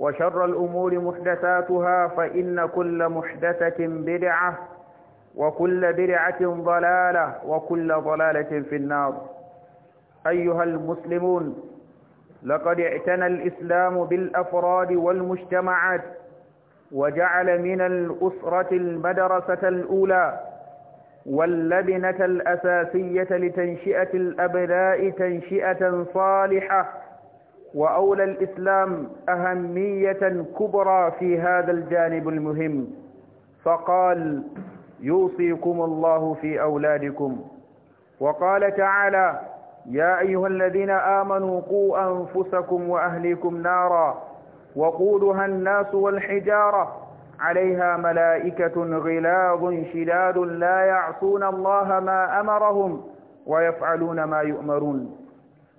وشر الأمور محدثاتها فإن كل محدثة بدعة وكل بدعة ضلالة وكل ضلالة في النار أيها المسلمون لقد اعتنى الإسلام بالأفراد والمجتمعات وجعل من الأسرة المدرسة الأولى واللبنة الأساسية لتنشئة الأبناء تنشئة صالحة وأولى الإسلام أهمية كبرى في هذا الجانب المهم فقال يوصيكم الله في أولادكم وقال تعالى يا أيها الذين آمنوا قوا أنفسكم وأهليكم نارا وقودها الناس والحجارة عليها ملائكة غلاظ شداد لا يعصون الله ما أمرهم ويفعلون ما يؤمرون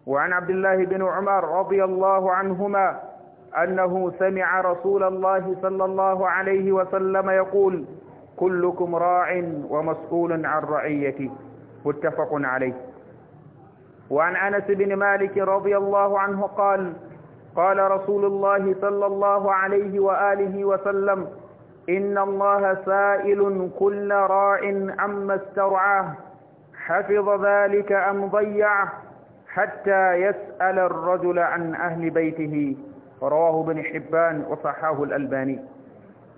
وعن عبد الله بن عمر رضي الله عنهما أنه سمع رسول الله صلى الله عليه وسلم يقول كلكم راع ومسؤول عن رعيته متفق عليه وعن أنس بن مالك رضي الله عنه قال قال رسول الله صلى الله عليه وآله وسلم إن الله سائل كل راع عما استرعاه حفظ ذلك أم ضيعه حتى يسأل الرجل عن أهل بيته رواه ابن حبان وصححه الألباني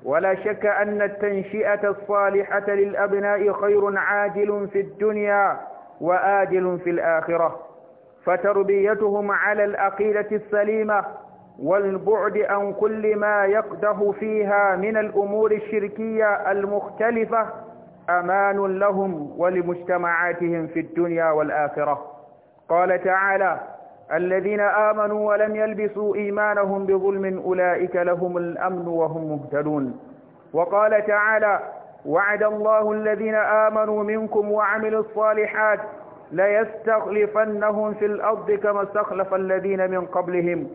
ولا شك أن التنشئة الصالحة للأبناء خير عاجل في الدنيا وآجل في الآخرة فتربيتهم على الأقيلة السليمة والبعد عن كل ما يقده فيها من الأمور الشركية المختلفة أمان لهم ولمجتمعاتهم في الدنيا والآخرة قال تعالى الذين آمنوا ولم يلبسوا إيمانهم بظلم أولئك لهم الأمن وهم مهتدون وقال تعالى وعد الله الذين آمنوا منكم وعملوا الصالحات ليستخلفنهم في الأرض كما استخلف الذين من قبلهم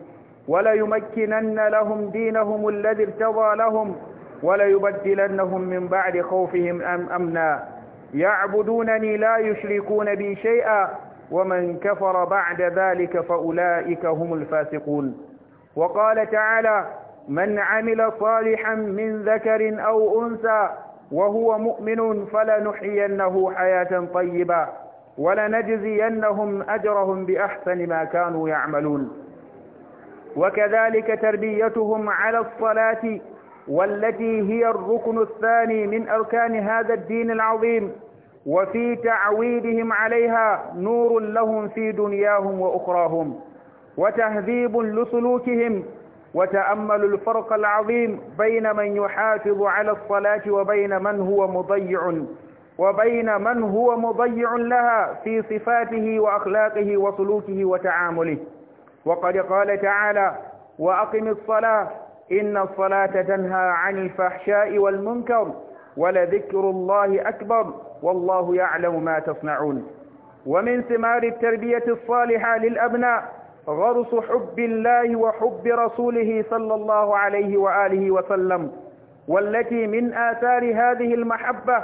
وليمكنن لهم دينهم الذي ارتضى لهم وليبدلنهم من بعد خوفهم أم أمنا يعبدونني لا يشركون بي شيئا ومن كفر بعد ذلك فأولئك هم الفاسقون وقال تعالى من عمل صالحا من ذكر أو أنثى وهو مؤمن فلنحيينه حياة طيبة ولنجزينهم أجرهم بأحسن ما كانوا يعملون وكذلك تربيتهم على الصلاة والتي هي الركن الثاني من أركان هذا الدين العظيم وفي تعويدهم عليها نور لهم في دنياهم وأخراهم وتهذيب لسلوكهم وتأملوا الفرق العظيم بين من يحافظ على الصلاة وبين من هو مضيع وبين من هو مضيع لها في صفاته وأخلاقه وسلوكه وتعامله وقد قال تعالى وأقم الصلاة إن الصلاة تنهى عن الفحشاء والمنكر ولذكر الله أكبر والله يعلم ما تصنعون ومن ثمار التربية الصالحة للأبناء غرس حب الله وحب رسوله صلى الله عليه وآله وسلم والتي من آثار هذه المحبة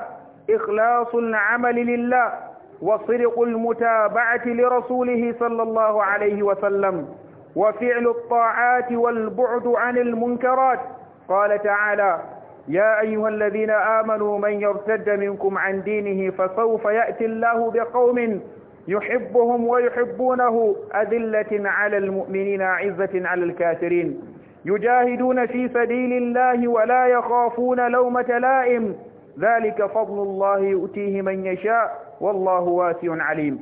إخلاص العمل لله وصرق المتابعة لرسوله صلى الله عليه وسلم وفعل الطاعات والبعد عن المنكرات قال تعالى يا أيها الذين آمنوا من يرتد منكم عن دينه فسوف يأتي الله بقوم يحبهم ويحبونه أذلة على المؤمنين عزة على الكافرين يجاهدون في سبيل الله ولا يخافون لومة لائم ذلك فضل الله يؤتيه من يشاء والله واسع عليم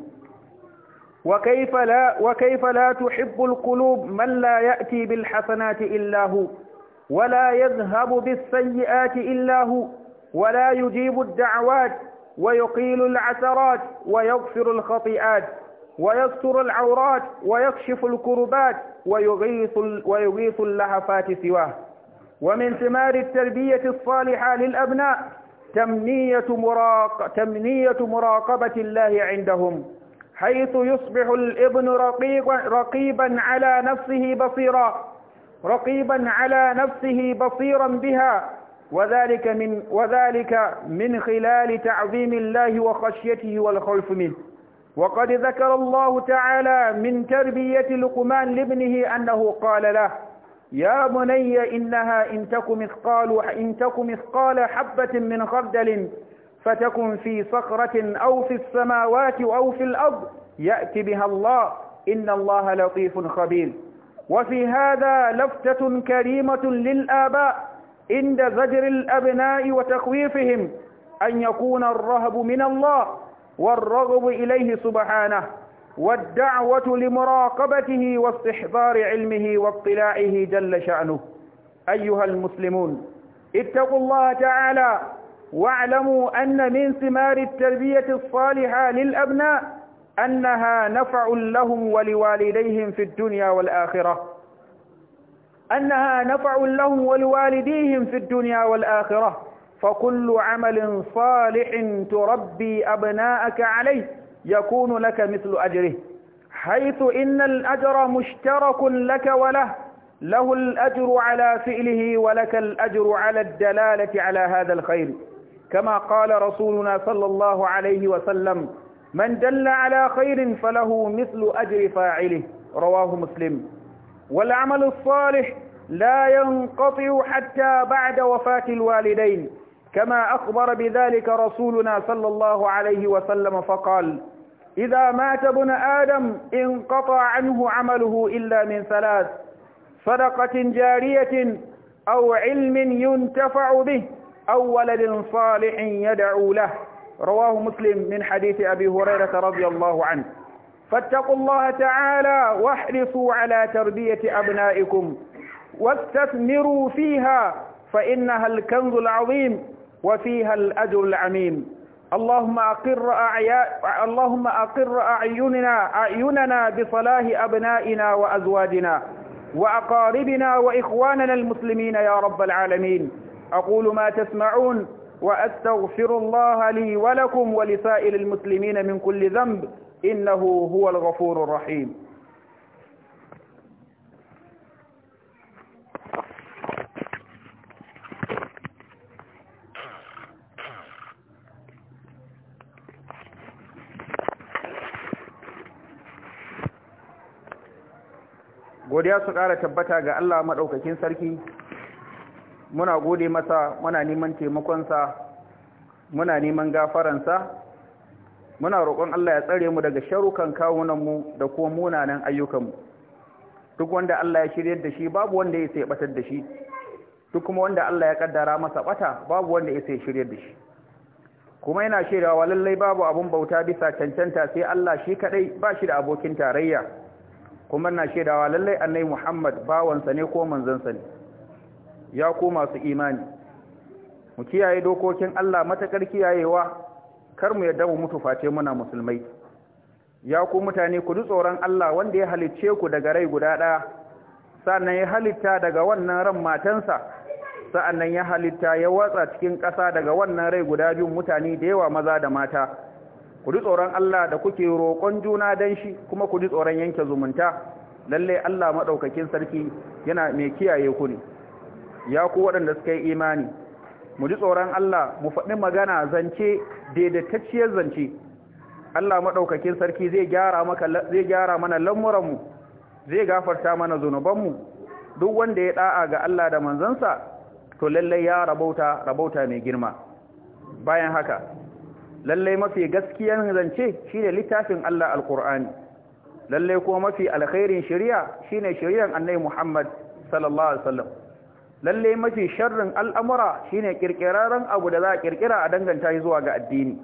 وكيف لا, وكيف لا تحب القلوب من لا يأتي بالحسنات إلا هو ولا يذهب بالسيئات إلا هو ولا يجيب الدعوات ويقيل العثرات ويغفر الخطيئات ويستر العورات ويكشف الكربات ويغيث, ويغيث اللهفات سواه ومن ثمار التربية الصالحة للأبناء تمنية, مراق... تمنية مراقبة الله عندهم حيث يصبح الابن رقيبا, رقيبا على نفسه بصيرا رقيبا على نفسه بصيرا بها وذلك من وذلك من خلال تعظيم الله وخشيته والخوف منه وقد ذكر الله تعالى من تربية لقمان لابنه أنه قال له يا بني إنها إن تك مثقال إن تك مثقال حبة من خردل فتكن في صخرة أو في السماوات أو في الأرض يأتي بها الله إن الله لطيف خبير وفي هذا لفتة كريمة للآباء عند زجر الأبناء وتخويفهم أن يكون الرهب من الله والرغب إليه سبحانه والدعوة لمراقبته واستحضار علمه واطلاعه جل شأنه أيها المسلمون اتقوا الله تعالى واعلموا أن من ثمار التربية الصالحة للأبناء أنها نفع لهم ولوالديهم في الدنيا والآخرة أنها نفع لهم ولوالديهم في الدنيا والآخرة فكل عمل صالح تربي أبناءك عليه يكون لك مثل أجره حيث إن الأجر مشترك لك وله له الأجر على فعله ولك الأجر على الدلالة على هذا الخير كما قال رسولنا صلى الله عليه وسلم من دل على خير فله مثل أجر فاعله رواه مسلم والعمل الصالح لا ينقطع حتى بعد وفاة الوالدين كما أخبر بذلك رسولنا صلى الله عليه وسلم فقال إذا مات ابن آدم انقطع عنه عمله إلا من ثلاث صدقة جارية أو علم ينتفع به أو ولد صالح يدعو له رواه مسلم من حديث أبي هريرة رضي الله عنه فاتقوا الله تعالى واحرصوا على تربية أبنائكم واستثمروا فيها فإنها الكنز العظيم وفيها الأجر العميم اللهم أقر أعيا... اللهم أقر أعيننا أعيننا بصلاح أبنائنا وأزواجنا وأقاربنا وإخواننا المسلمين يا رب العالمين أقول ما تسمعون وأستغفر الله لي ولكم ولسائر المسلمين من كل ذنب إنه هو الغفور الرحيم godiya su kara tabbata ga Allah madaukakin sarki muna gode masa muna neman taimakonsa muna neman gafaransa muna roƙon Allah ya tsare mu daga sharukan kawunanmu da kuma munanan ayyukanmu duk wanda Allah ya shiryar da shi babu wanda ya sai batar da shi duk kuma wanda Allah ya kaddara masa bata babu wanda ya sai shiryar da shi kuma yana shirawa lallai babu abun bauta bisa cancanta sai Allah shi kadai ba shi da abokin tarayya kuma yana shirawa lallai annai Muhammad bawansa ne ko manzansa ne ya koma su imani mu kiyaye dokokin Allah matakar kiyayewa kar mu yadda mu mutu face muna musulmai ya ku mutane ku ji tsoron Allah wanda ya halicce ku daga rai guda ɗaya sannan ya halitta daga wannan ran matansa sa'annan ya halitta ya watsa cikin ƙasa daga wannan rai guda biyun mutane da yawa maza da mata ku ji tsoron Allah da kuke roƙon juna dan shi kuma ku ji tsoron yanke zumunta Lallai Allah madaukakin sarki yana mai kiyaye ku ne ya ku waɗanda suka yi imani mu ji tsoron Allah mu faɗi magana zance daidaitacciyar zance Allah maɗaukakin sarki zai gyara maka zai gyara mana lamuranmu zai gafarta mana zunubanmu duk wanda ya ɗa'a ga Allah da manzansa to lallai ya rabauta rabauta mai girma bayan haka lallai mafi gaskiyan zance shine littafin Allah alqur'ani lallai kuma mafi alkhairin shari'a shine shari'ar Annabi Muhammad sallallahu alaihi wasallam lalle mafi sharrin al'amura shi ne ƙirƙirarren abu da za a ƙirƙira a danganta zuwa ga addini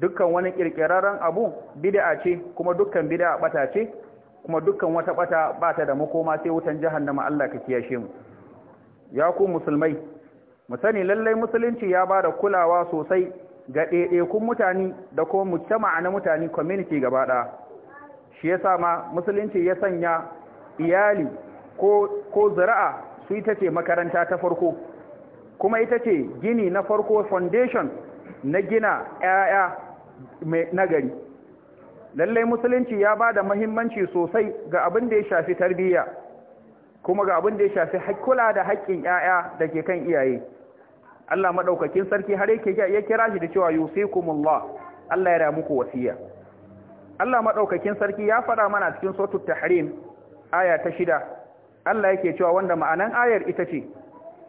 dukkan wani ƙirƙirarren abu bid'a ce kuma dukkan bid'a ɓata ce kuma dukkan wata ɓata ba ta da makoma sai wutan da Allah ka kiyashe mu ya ku musulmai mu sani lalle musulunci ya ba da kulawa sosai ga ɗaiɗaikun mutane da kuma mujtama'a na mutane community gaba ɗaya shi sa ma musulunci ya sanya iyali ko ko zuri'a su ita ce makaranta ta farko kuma ita ce gini na farko foundation na gina 'ya'ya mai nagari lallai musulunci ya ba da mahimmanci sosai ga abin da ya shafi tarbiyya kuma ga abin da ya shafi kula da haƙƙin 'ya'ya da ke kan iyaye Allah maɗaukakin sarki har ya kira shi da cewa yusikumullah Allah ya muku wasiya Allah maɗaukakin sarki ya faɗa mana cikin sautu tahrim aya ta shida Allah yake cewa wanda ma'anan ayar ita ce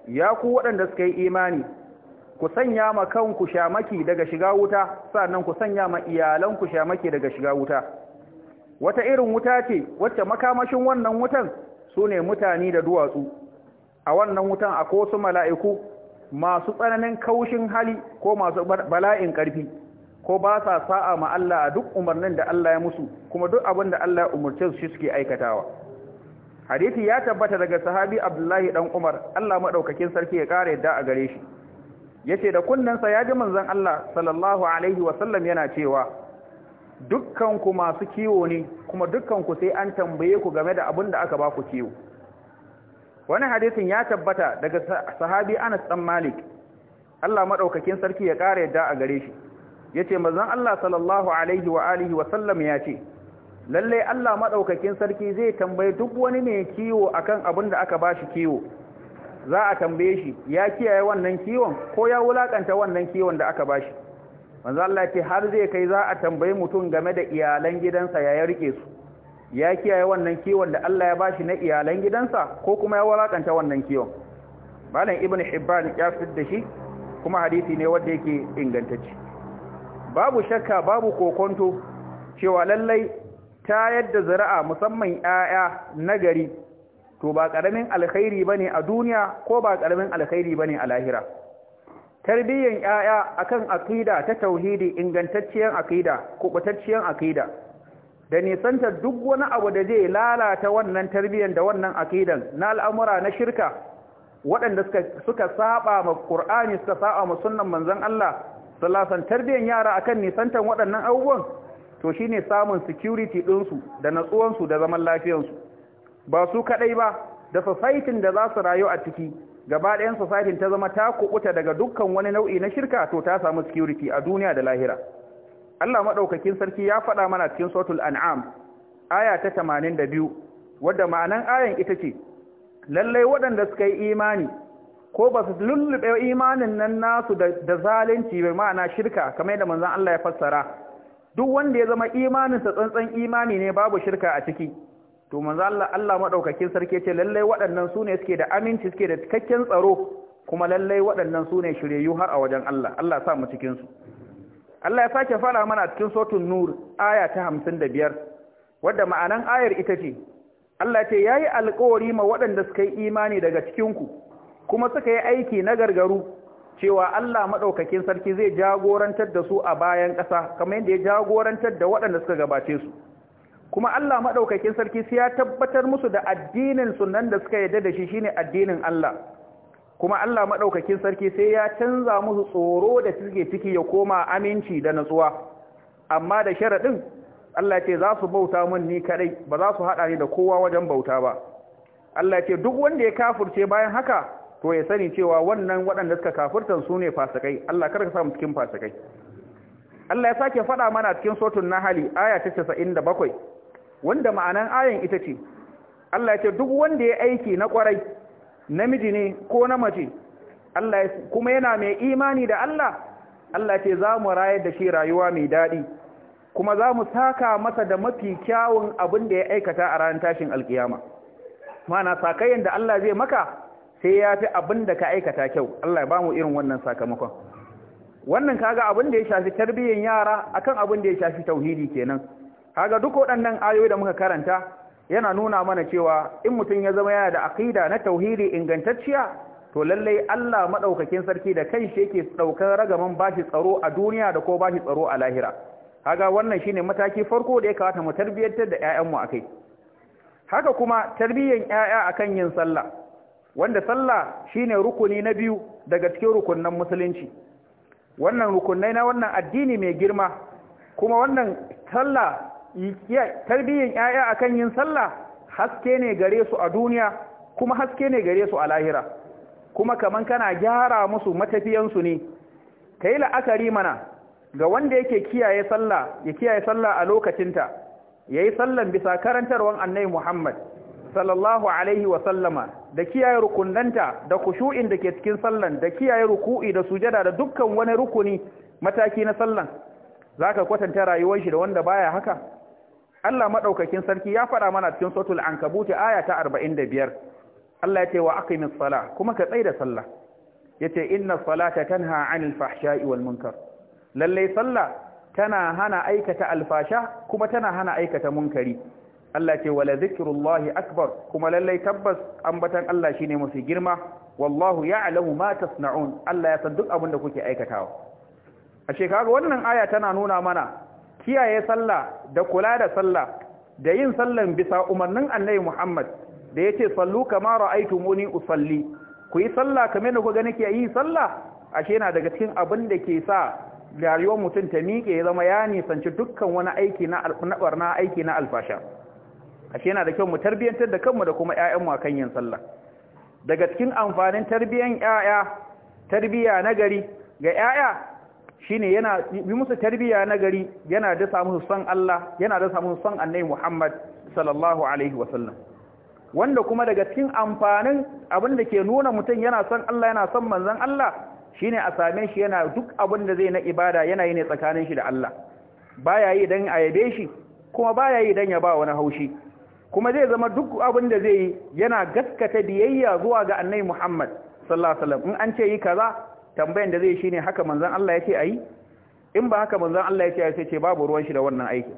ya ku waɗanda suka yi imani ku sanya ma kanku shamaki daga shiga wuta sannan ku sanya ma iyalanku shamaki daga shiga wuta wata irin wuta ce wacce makamashin wannan wutan su ne mutane da duwatsu a wannan wutan a su mala'iku masu tsananin kaushin hali ko masu bala'in ƙarfi ko ba sa sa'a ma Allah a duk umarnin da Allah ya musu kuma duk abin da Allah ya umarce su shi suke aikatawa hadisi ya tabbata daga sahabi abdullahi dan umar Allah madaukakin sarki ya kare yadda a gare shi yace da kunnensa ya ji manzon Allah sallallahu alaihi wasallam yana cewa dukkan ku masu kiwo ne kuma dukkan ku sai an tambaye ku game da abin da aka ba ku kiwo wani hadisin ya tabbata daga sahabi Anas dan Malik Allah madaukakin sarki ya kare yadda a gare shi yace manzon Allah sallallahu alaihi wa alihi wa sallam ya ce lallai Allah maɗaukakin sarki zai tambayi duk wani mai kiwo akan abin da aka bashi kiwo za a tambaye shi ya kiyaye wannan kiwon ko ya wulakanta wannan kiwon da aka bashi manzo Allah ce har zai kai za a tambayi mutum game da iyalan gidansa ya rike su ya kiyaye wannan kiwon da Allah ya bashi na iyalan gidansa ko kuma ya wulakanta wannan kiwon malam Ibn hibban ya da shi kuma hadisi ne wanda yake ingantacce babu shakka babu kokonto cewa lallai Ta yadda zari'a musamman 'ya'ya gari to ba ƙaramin alkhairi bane a duniya ko ba ƙaramin alkhairi bane a lahira tarbiyyan 'ya'ya akan aqida ta tauhidi ingantacciyar aqida kubutacciyar aqida da nisantar duk wani abu da zai lalata wannan tarbiyyan da wannan aqidan na al'amura na shirka waɗanda suka suka saba ma Qur'ani suka saba ma sunnan manzon Allah sallallahu alaihi wasallam tarbiyyan yara akan nisantar waɗannan abubuwan to shi ne samun security ɗinsu da natsuwansu da zaman lafiyansu ba su kaɗai ba da sosaitin da za su rayu a ciki gaba ɗayan ta zama ta kuɓuta daga dukkan wani nau'i na shirka to ta samu security a duniya da lahira Allah maɗaukakin sarki ya faɗa mana cikin sotul an'am aya ta tamanin da biyu. wadda ma'anan ayan ita ce lallai waɗanda suka yi imani ko ba su lullube imanin nan nasu da zalunci bai ma'ana shirka kamar yadda manzan Allah ya fassara duk wanda ya zama imaninsa tsantsan imani ne babu shirka a ciki to manzo Allah Allah madaukakin sarki ce lallai waɗannan sune suke da aminci suke da cikakken tsaro kuma lallai waɗannan sune shiryayyu har a wajen Allah Allah sa mu cikin su Allah ya sake fara mana cikin suratul nur aya ta 55 wadda ma'anan ayar ita ce Allah ce yayi alƙawari ma waɗanda suka yi imani daga cikin ku kuma suka yi aiki na gargaru cewa Allah maɗaukakin sarki zai jagorantar da su a bayan ƙasa kamar yadda ya jagorantar da waɗanda suka gabace su kuma Allah maɗaukakin sarki sai ya tabbatar musu da addinin sunan da suka yarda da shi shine addinin Allah kuma Allah maɗaukakin sarki sai ya canza musu tsoro da suke ciki ya koma aminci da natsuwa amma da sharaɗin Allah ce za su bauta mun ni kaɗai ba za su haɗa ni da kowa wajen bauta ba Allah ce duk wanda ya kafurce bayan haka to ya sani cewa wannan waɗanda suka kafurtan su ne fasikai Allah kar ka samu cikin fasikai Allah ya sake faɗa mana cikin sotun nahali aya ta bakwai, wanda ma'anan ayan ita ce Allah ya ce duk wanda ya aiki na kwarai namiji ne ko na mace Allah kuma yana mai imani da Allah Allah ya ce za mu rayar da shi rayuwa mai daɗi kuma za mu saka masa da mafi kyawun abin da ya aikata a ranar tashin alkiyama mana sakayen da Allah zai maka sai ya fi abin da ka aikata kyau Allah ya mu irin wannan sakamakon wannan kaga abin da ya shafi tarbiyyar yara akan abin da ya shafi tauhidi kenan kaga duk waɗannan ayoyi da muka karanta yana nuna mana cewa in mutum ya zama yana da aqida na tauhidi ingantacciya to lallai Allah madaukakin sarki da kanshi yake daukar ragaman bashi tsaro a duniya da ko bashi tsaro a lahira kaga wannan shine mataki farko da ya kamata mu tarbiyyantar da ƴaƴanmu akai haka kuma tarbiyyar ƴaƴa akan yin sallah wanda sallah shine rukuni na biyu daga cikin rukunnan musulunci wannan rukunai na wannan addini mai girma kuma wannan sallah tarbiyyar yaya akan yin sallah haske ne gare su a duniya kuma haske ne gare su a lahira kuma kaman kana gyara musu matafiyansu ne yi la'akari mana ga wanda yake kiyaye sallah ya kiyaye sallah a lokacinta yayi sallan bisa karantarwan annabi Muhammad sallallahu alaihi wa sallama da kiyaye rukunanta da kushu'in da ke cikin sallan da kiyaye ruku'i da sujada da dukkan wani rukuni mataki na sallan zaka kwatanta rayuwar shi da wanda baya haka Allah madaukakin sarki ya faɗa mana cikin suratul ankabut aya ta 45 Allah ya ce wa aqimis sala kuma ka tsaya da sallah yace inna salata tanha 'anil fahsha'i wal munkar lalle sallah tana hana aikata alfasha kuma tana hana aikata munkari Allah ce wala zikirullahi akbar kuma lallai tabbas ambatan Allah shi ne mafi girma wallahu ya'lamu matas na'un Allah ya san duk abin da kuke aikatawa A kaga wannan aya tana nuna mana kiyaye sallah da kula da sallah da yin sallan bisa umarnin Annabi Muhammad da ya ce sallu kama muni usalli ku yi sallah kamar da ku ga nake yi sallah ashe yana daga cikin abin da ke sa rayuwar mutum ta miƙe ya zama ya nisanci dukkan wani aiki na aiki na alfasha ashe yana da kyau mu tarbiyantar da kanmu da kuma ƴaƴanmu akan yin sallah daga cikin amfanin tarbiyan ƴaƴa tarbiya nagari ga ƴaƴa shine yana bi musu tarbiya nagari yana da samu san Allah yana da samu san Annabi Muhammad sallallahu alaihi wasallam wanda kuma daga cikin amfanin abin da ke nuna mutum yana son Allah yana son manzon Allah shine a same shi yana duk abin da zai na ibada yana yi ne tsakanin shi da Allah baya yi dan ayabe shi kuma baya yi dan ya ba wani haushi kuma zai zama duk abin da zai yi yana gaskata biyayya zuwa ga annai Muhammad sallallahu alaihi wasallam in an ce yi kaza tambayan da zai shi ne haka manzon Allah ya ce ayi in ba haka manzon Allah ya ce ayi sai ce babu ruwan shi da wannan aiki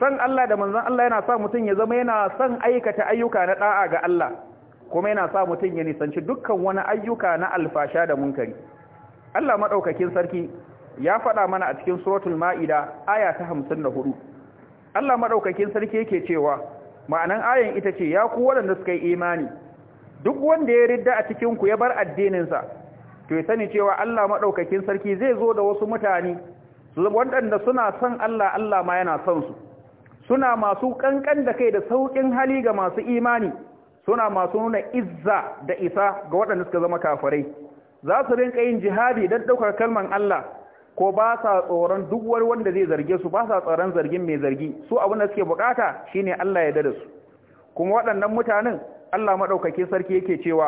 san Allah da manzon Allah yana sa mutun ya zama yana san aikata ayyuka na da'a ga Allah kuma yana sa mutun ya nisanci dukkan wani ayyuka na alfasha da munkari Allah madaukakin sarki ya faɗa mana a cikin suratul ma'ida aya ta 54 Allah maɗaukakin sarki yake cewa ma'anan ayan ita ce ya ku waɗanda suka yi imani duk wanda ya ridda a cikinku ya bar addininsa to ya sani cewa Allah maɗaukakin sarki zai zo da wasu mutane waɗanda suna son Allah Allah ma yana son su suna masu ƙanƙan da kai da sauƙin hali ga masu imani suna masu nuna izza da isa ga waɗanda suka zama kafirai za su rinƙa yin jihadi don ɗaukar kalman Allah ko ba sa tsoron duk wani wanda zai zarge su ba sa tsoron zargin mai zargi su abin da suke bukata shine Allah ya dada su kuma waɗannan mutanen Allah madaukakin sarki yake cewa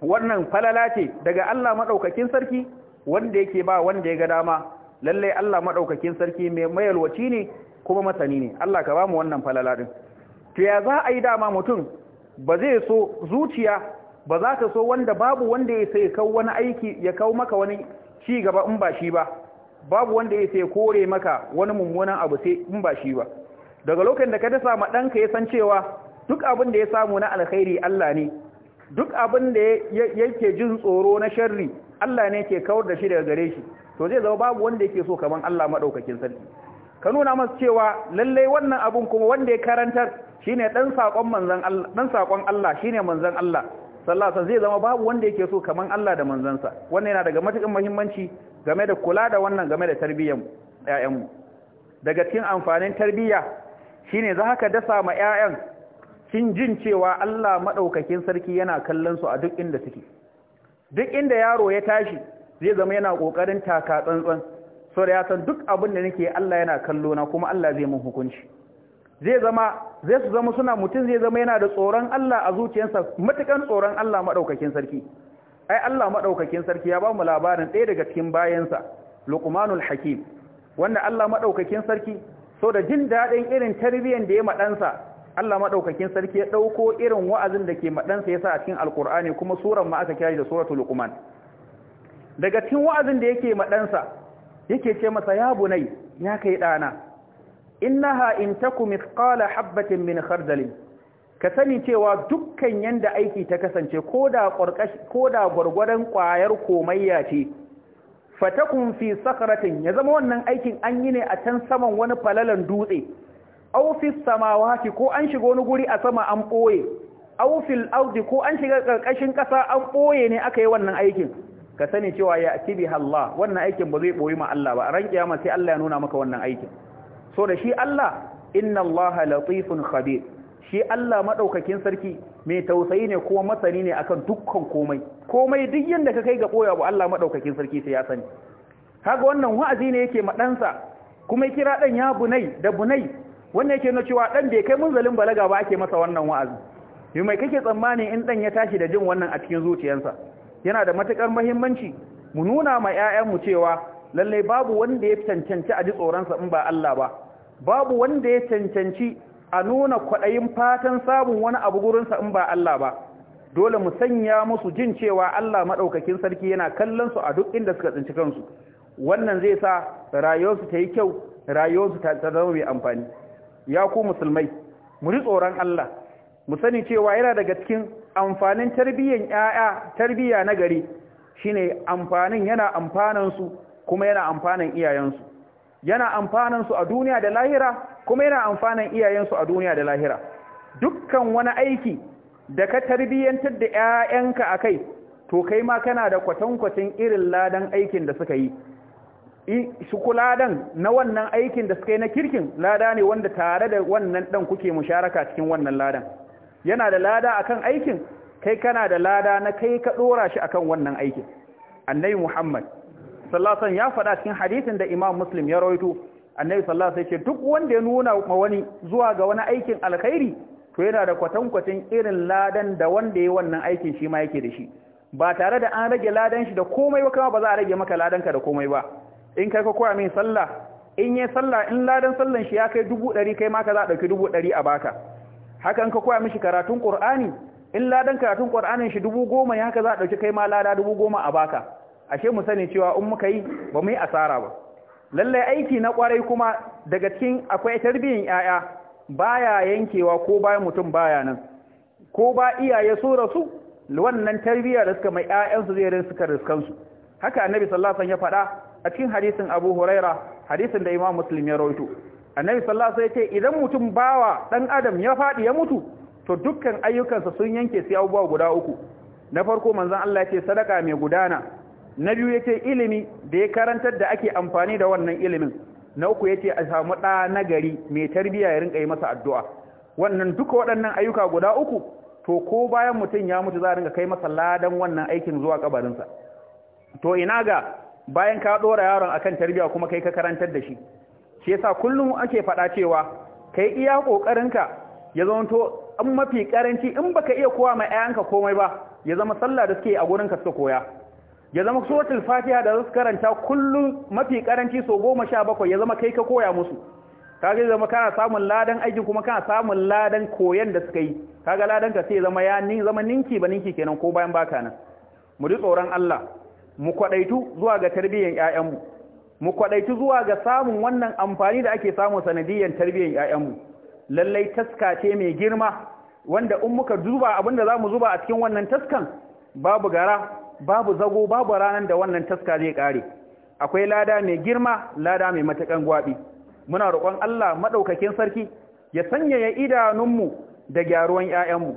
wannan falala ce daga Allah madaukakin sarki wanda yake ba wanda ya ga dama lalle Allah madaukakin sarki mai mayalwaci ne kuma masani ne Allah ka ba mu wannan falala din to ya za a yi dama mutum ba zai so zuciya ba za ta so wanda babu wanda ya sai kawo wani aiki ya kawo maka wani ci gaba in ba shi ba babu wanda ya sai kore maka wani mummunan abu sai in ba shi ba daga lokacin da ka dasa ma ɗanka ya san cewa duk abin da ya samu na alkhairi Allah ne duk abin da yake jin tsoro na sharri Allah ne ke kawar da shi daga gare shi to zai zama babu wanda yake so kaman Allah madaukakin sarki ka nuna masa cewa lalle wannan abun kuma wanda ya karantar shine dan sakon manzon Allah dan sakon Allah shine manzon Allah sallallahu zai zama babu wanda yake so kaman Allah da manzansa wannan yana daga matukin muhimmanci game da kula da wannan game da tarbiyyar ƴaƴanmu daga cikin amfanin tarbiyya shine za ka dasa ma ƴaƴan kin jin cewa Allah madaukakin sarki yana kallon su a duk inda suke duk inda yaro ya tashi zai zama yana kokarin taka tsantsan so da ya san duk abin da nake Allah yana kallo na kuma Allah zai mun hukunci zai zama zai su zama suna mutum zai zama yana da tsoron Allah a zuciyarsa matukan tsoron Allah madaukakin sarki ai Allah madaukakin sarki ya ba mu labarin ɗaya daga cikin bayansa Luqmanul Hakim wanda Allah madaukakin sarki so da jin daɗin irin tarbiyyar da ya madansa Allah madaukakin sarki ya dauko irin wa'azin da ke madansa yasa a cikin Alkur'ani kuma surar ma aka kira da suratul Luqman daga cikin wa'azin da yake madansa yake ce masa ya bunai ya kai dana innaha in taku mithqala habatin min khardalin ka sani cewa dukkan yanda aiki ta kasance koda koda gurgurdan kwayar komayya ce fatakun fi sakharatin ya zama wannan aikin an yi ne a can saman wani falalan dutse aw fi samawati ko an shiga wani guri a sama an boye aw fil ardi ko an shiga karkashin ƙasa an boye ne aka yi wannan aikin ka sani cewa ya tibi Allah wannan aikin ba zai boye ma Allah ba ran kiyama sai Allah ya nuna maka wannan aikin so da shi Allah inna Allah latifun khabir shi Allah madaukakin sarki mai tausayi ne kuma masani ne akan dukkan komai komai duk yanda ka kai ga boya wa Allah madaukakin sarki sai ya sani kaga wannan wa'azi ne yake madansa kuma kira dan ya bunai da bunai wannan yake na cewa dan bai kai munzalin balaga ba ake masa wannan wa'azi yi mai kake tsammani in dan ya tashi da jin wannan a cikin zuciyarsa yana da matukar muhimmanci mu nuna ma 'ya'yanmu cewa lallai babu wanda ya cancanci a ji tsoronsa in ba Allah ba babu wanda ya cancanci a nuna kwaɗayin fatan samun wani abu gurinsa in ba Allah ba dole mu sanya musu jin cewa Allah maɗaukakin sarki yana kallon su a duk inda suka tsinci kansu wannan zai sa rayuwarsu ta yi kyau rayuwarsu ta zama mai amfani ya ku musulmai mu ji tsoron Allah mu sani cewa yana daga cikin amfanin tarbiyyar yaya tarbiyya na gari shine amfanin yana amfanan su kuma yana amfanan iyayensu yana amfanan su a duniya da lahira kuma yana amfanan iyayensu a duniya da lahira dukkan wani aiki da ka tarbiyyantar da ƴaƴanka akai to kai ma kana da kwatankwacin irin ladan aikin da suka yi shuku ladan na wannan aikin da suka yi na kirkin lada ne wanda tare da wannan dan kuke musharaka cikin wannan ladan yana da lada akan aikin kai kana da lada na kai ka dora shi akan wannan aikin annabi muhammad sallallahu ya faɗa cikin hadisin da Imam Muslim ya rawaito annabi sallallahu alaihi wasallam duk wanda ya nuna ma wani zuwa ga wani aikin alkhairi to yana da kwatankwacin irin ladan da wanda ya wannan aikin shi ma yake da shi ba tare da an rage ladan shi da komai ba kuma ba za a rage maka ladan ka da komai ba in kai ka koya min sallah in yi sallah in ladan sallan shi ya kai dubu ɗari kai ma ka za a ɗauki dubu ɗari a baka hakan ka koya mishi karatun ƙur'ani in ladan karatun ƙur'anin shi dubu goma ya haka za a ɗauki kai ma lada dubu goma a baka ashe mu sani cewa in muka yi ba mu yi asara ba lallai aiki na kwarai kuma daga cikin akwai tarbiyyar yaya baya yankewa ko bayan mutum baya nan ko ba iyaye su rasu wannan tarbiyyar da suka mai ƴaƴansu zai kan riskan su haka annabi sallallahu alaihi wasallam ya faɗa a cikin hadisin Abu Huraira hadisin da Imam Muslim ya rawaito annabi sallallahu alaihi wasallam ya ce idan mutum bawa dan adam ya faɗi ya mutu to dukkan ayyukansa sun yanke sai abubuwa guda uku na farko manzon Allah ya ce sadaka mai gudana na biyu yace ilimi da ya karantar da ake amfani da wannan ilimin na uku yace a samu ɗa na gari mai tarbiya ya rinka yi masa addu'a wannan duka waɗannan ayyuka guda uku to ko bayan mutum ya mutu za a rinka kai masa ladan wannan aikin zuwa kabarinsa to ina ga bayan ka ɗora yaron akan tarbiya kuma kai ka karantar da shi shi yasa kullum ake faɗa cewa kai iya ƙoƙarinka ya zamanto an mafi ƙaranci in baka iya kowa mai 'ya'yanka komai ba ya zama sallah da suke a gurin ka suka koya ya zama suratul fatiha da zasu karanta kullum mafi karanci so goma sha bakwai ya zama kai ka koya musu kaga zama kana samun ladan aiki kuma kana samun ladan koyan da suka yi kaga ladan ka sai zama ya ni zama ninki ba ninki kenan ko bayan baka nan mu ji tsoron Allah mu kwadaitu zuwa ga tarbiyyar ƴaƴanmu mu kwadaitu zuwa ga samun wannan amfani da ake samu sanadiyyar tarbiyyar ƴaƴanmu lallai taska ce mai girma wanda in muka duba abinda zamu zuba a cikin wannan taskan babu gara babu zago babu ranar da wannan taska zai kare akwai lada mai girma lada mai matakan gwabi muna roƙon Allah madaukakin sarki ya sanyaya idanunmu da gyaruwan ƴaƴanmu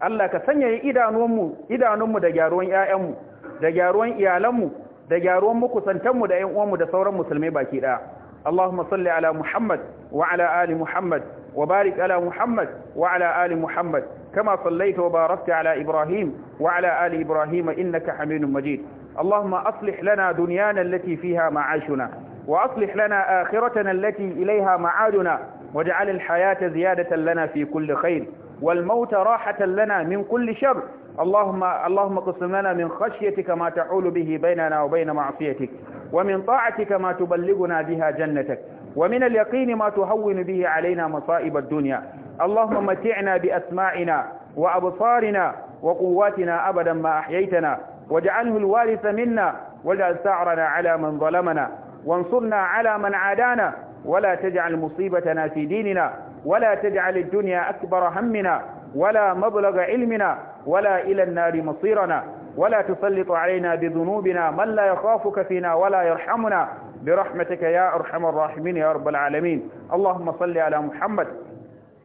Allah ka sanyaya idanunmu idanunmu da gyaruwan ƴaƴanmu da gyaruwan iyalanmu da gyaruwan mukusantanmu da ƴan uwanmu da sauran musulmai baki ɗaya Allahumma salli ala Muhammad wa ala ali Muhammad وبارك على محمد وعلى آل محمد كما صليت وباركت على إبراهيم وعلى آل إبراهيم إنك حميد مجيد اللهم أصلح لنا دنيانا التي فيها معاشنا وأصلح لنا آخرتنا التي إليها معادنا واجعل الحياة زيادة لنا في كل خير والموت راحة لنا من كل شر اللهم اللهم قسم لنا من خشيتك ما تحول به بيننا وبين معصيتك ومن طاعتك ما تبلغنا بها جنتك ومن اليقين ما تهون به علينا مصائب الدنيا اللهم متعنا بأسماعنا وأبصارنا وقواتنا أبدا ما أحييتنا واجعله الوارث منا واجعل ثأرنا على من ظلمنا وانصرنا على من عادانا ولا تجعل مصيبتنا في ديننا ولا تجعل الدنيا أكبر همنا ولا مبلغ علمنا ولا إلى النار مصيرنا ولا تسلط علينا بذنوبنا من لا يخافك فينا ولا يرحمنا برحمتك يا أرحم الراحمين يا رب العالمين اللهم صل على محمد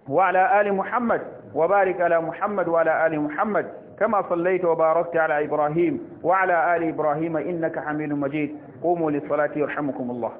وعلى آل محمد وبارك على محمد وعلى آل محمد كما صليت وباركت على إبراهيم وعلى آل إبراهيم إنك حميد مجيد قوموا للصلاة يرحمكم الله